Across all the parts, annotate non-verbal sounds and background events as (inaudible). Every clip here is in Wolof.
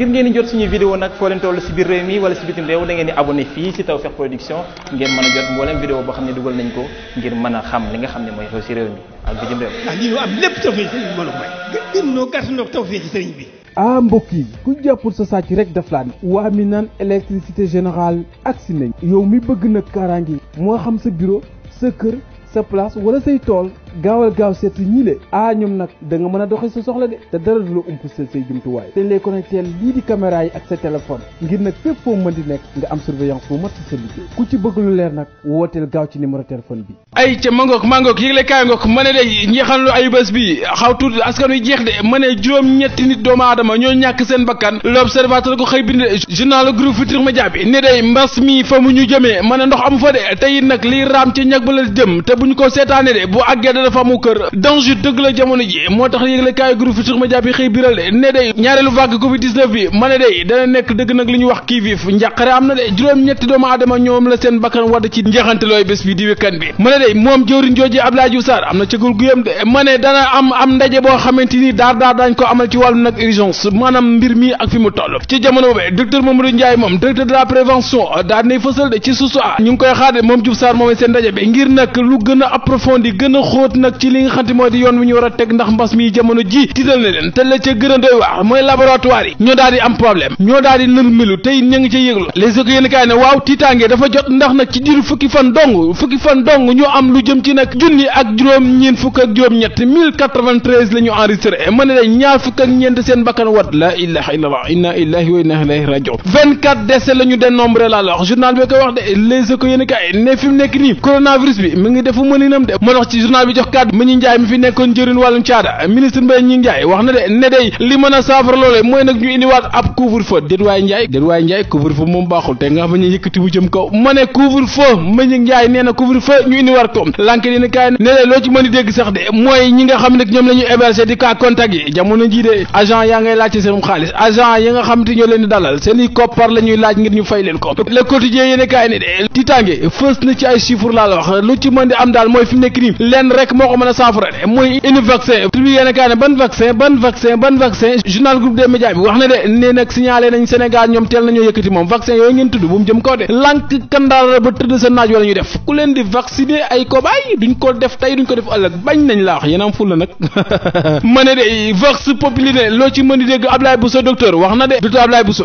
ngir ngeen di jot suñu vidéo nag foo leen toll si biir réew mi wala si bitim réew da ngeen di abonné fii si Tawfekh Production ngeen mën a jot mboolem vidéo boo xam ne dugal nañ ko ngir mën a xam li nga xam ne mooy xew si réew mi ak bitim ah, ah, yi ku jàppul sa sàcc rek daf laa ne. waa mi naan électricité générale agsi nañ. yow mi bëgg nag kaaraange moo xam sa bureau sa kër sa place wala say tool gaawal gaaw seetlu ñii le ah, nag da mën a doxee sa soxla de te dara du la umpaseel say jumtuwaay dañ lay connecté lii di caméra yi ak sa téléphone ngir nag fépp foo mën di nekk nga am surveillance bu mat si sa liggéey ku ci bëgg lu leer nag wooteel gaaw ci numéro téléphone bi. ay ca mangook mangook yëgle ngook ma ne de njeexan lu bi xaw tuuti askan wi jeex de ma ne juróom-ñetti nit doomu aadama ñoo ñàkk seen bakkan l'observateur ko xëy bind journal groupe Futurs Médias bi ne day ma ne ndox amu fa de tey nag liy raam ci ñag bu ko seetaane dafa amu kër danger dëgg la jamono ji moo tax yëgle kaay groupe Futurs Médias bi xëy biral de ne day ñaareelu vague covid bi ma ne day dana nekk dëgg nag li ñu wax kii viif njàqare am na de juróom-ñetti doomu aadama ñoom la seen bakkan wadd ci njeexantelooy bés bi di wékkan bi ma ne day moom jëwriñ jooju Abdoulaye Diouf Sarr am na cëgul guyam de ma ne dana am am ndaje boo xamante ni daar daar dañ ko amal ci wàllu nag urgence maanaam mbir mi ak fi ah a a xóot nag ci li nga xam te moo di yoon wi ñu war a teg ndax mbas mi jamono ji tiital na leen te la ca gën a doy waar mooy laboratoire yi ñoo daal am problème ñoo daal di nërmilu tey ña ngi ca yëglu les éco yéen kaay ne waaw tiitaange dafa jot ndax nag ci diiru fukki fan dong fukki fan dong ñu am lu jëm ci nag junni ak juróom-ñeent fukk ak juróom-ñett 1093 la ñu enregistré ma ne ñaar fukk ak ñeent seen bakkan wat la ilaha illallah wa inna ilayhi jox kàddu mu ñu njaay mi fi nekkoon njëriñ wàllum caada ministre Mbaye ñi njaay wax na de ne day li mën a saafara loole mooy nag ñu indiwaat ab couvre feu déet waaye njaay déet a ñi nga xam ne ñoom la ñu hébergé di cas contact yi jamono jii de agent yaa ngay laaj seen xaalis agent yi nga xam te ñoo leen di dalal seen koppar la ñuy laaj ngir ñu fay leen ko le quotidien yéen kaay de tiitaange fës na ci ay chiffres laa la wax lu ci mën di am daal mooy fi nekk nii lenn rek rek moo ko mën a saafara de muy indi vaccin bi yéen a ne ban vaccin ban vaccin ban vaccin journal groupe des médias bi wax na de nee nag signalé Sénégal ñoom teel nañoo yëkkati moom vaccin yooyu ngeen tudd bu mu jëm kaw de lànk kandaara ba tëdd sa naaj wala ñu def ku leen di vacciner ay cobaye duñ ko def tey duñ ko def ëllëg bañ nañ laa wax yéen am ful la nag (laughs) ma ne de vox loo ci mën di dégg Ablaye Bousso docteur wax na de docteur Ablaye Bousso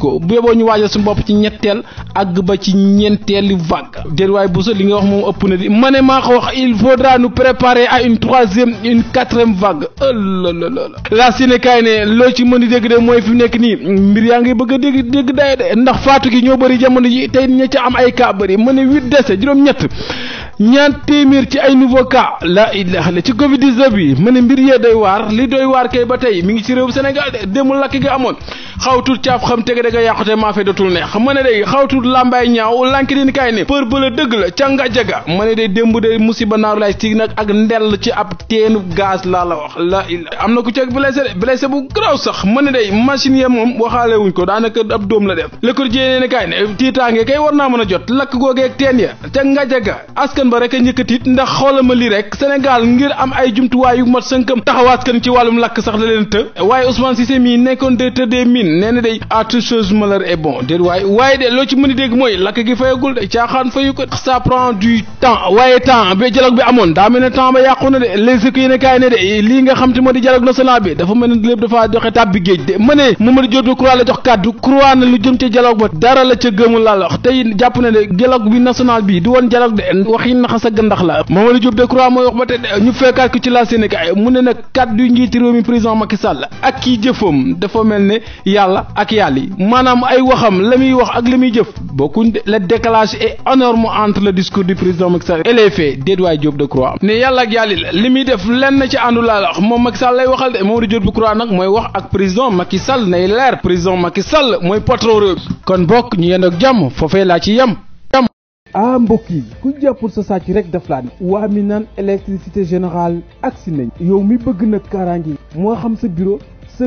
ko béboo ñu waajal suñu déet waay Bousso li nga wax moom ëpp na di ma ne maa ko wax il faudra nous préparer à une troisième une quatrième vague ëllëg oh la Sénégal ne loo ci mën di dégg de mooy fi nekk nii mbir yaa ngi bëgg a dégg dégg day de ndax faatu gi ñoo bari jamono ji tey ña ca am ay cas bëri ma ne huit décès juróom-ñett ñaan téeméer ci ay nouveau cas la ilaha la ci Covid 19 bi ma ne mbir yee doy waar li doy waar kay ba tey mi ngi ci réew Sénégal de démb lakk nga amoon. xawtul caaf xam tege da nga yàqute maafe dootul neex ma ne day xawtul làmbaay ñaaw lànki din kaay ne për bëla dëgg la ca nga jaga ma ne day démb de musiba naaru laay si nag ak ndell ci ab teenu gaz laa la wax la am na ku ceeg blessé blessé bu graw sax ma ne day machine ya moom waxaale wuñ ko daanaka ab doom la dem le kor jiyee ne kaay ne tiitaange kay war naa mën a jot lakk googeeg teen ya ca nga jaga askan ba rek a ñëkkatit ndax xoola ma li rek Sénégal ngir am ay jumtuwaay yu mat sënkam taxaw askan ci wàllum lakk sax la leen të Tine nee na day à toute chose malheur est bon déet waaye waaye de loo ci mën a dégg mooy lakk gi fayagul de caaxaan fayu ko ça prend du temps waaye temps bi dialogue bi amoon daa mel ne temps ba yàqu na de les écu yéen a kaay ne de lii nga xam te moo di dialogue national bi dafa mel ne lépp dafaa joxe tàbbi géej de ma ne Mamadou Diop Decroix la jox kàddu croix na lu jëm ca dialogue ba dara la ca gëmul laa la wax tey jàpp na de dialogue bi national bi du woon dialogue de wax yi naxa sa gandax la Mamadou Diop Decroix mooy wax ba tey ñu fekkaat ko ci la Sénégal mu ne nag mi président Macky Sall ak kii jëfam dafa mel ne yàlla ak yàlla yi maanaam ay waxam la muy wax ak la muy jëf bokkuñ de le décalage est énorme entre le discours du président Macky Sall et les faits déet ne yàlla ak yàlla la li muy def lenn ci àndu laa la wax moom Macky Sall lay waxal de moom Diop Decroix nag mooy wax ak président Macky Sall nay leer président Macky Sall mooy patron réew kon bokk ñu yend ak jàmm foofee laa ci yem. ah mbokk yi ku jàppul sa sàcc rek daf laa ne waa mi naan électricité générale agsi nañ yow mi bëgg sa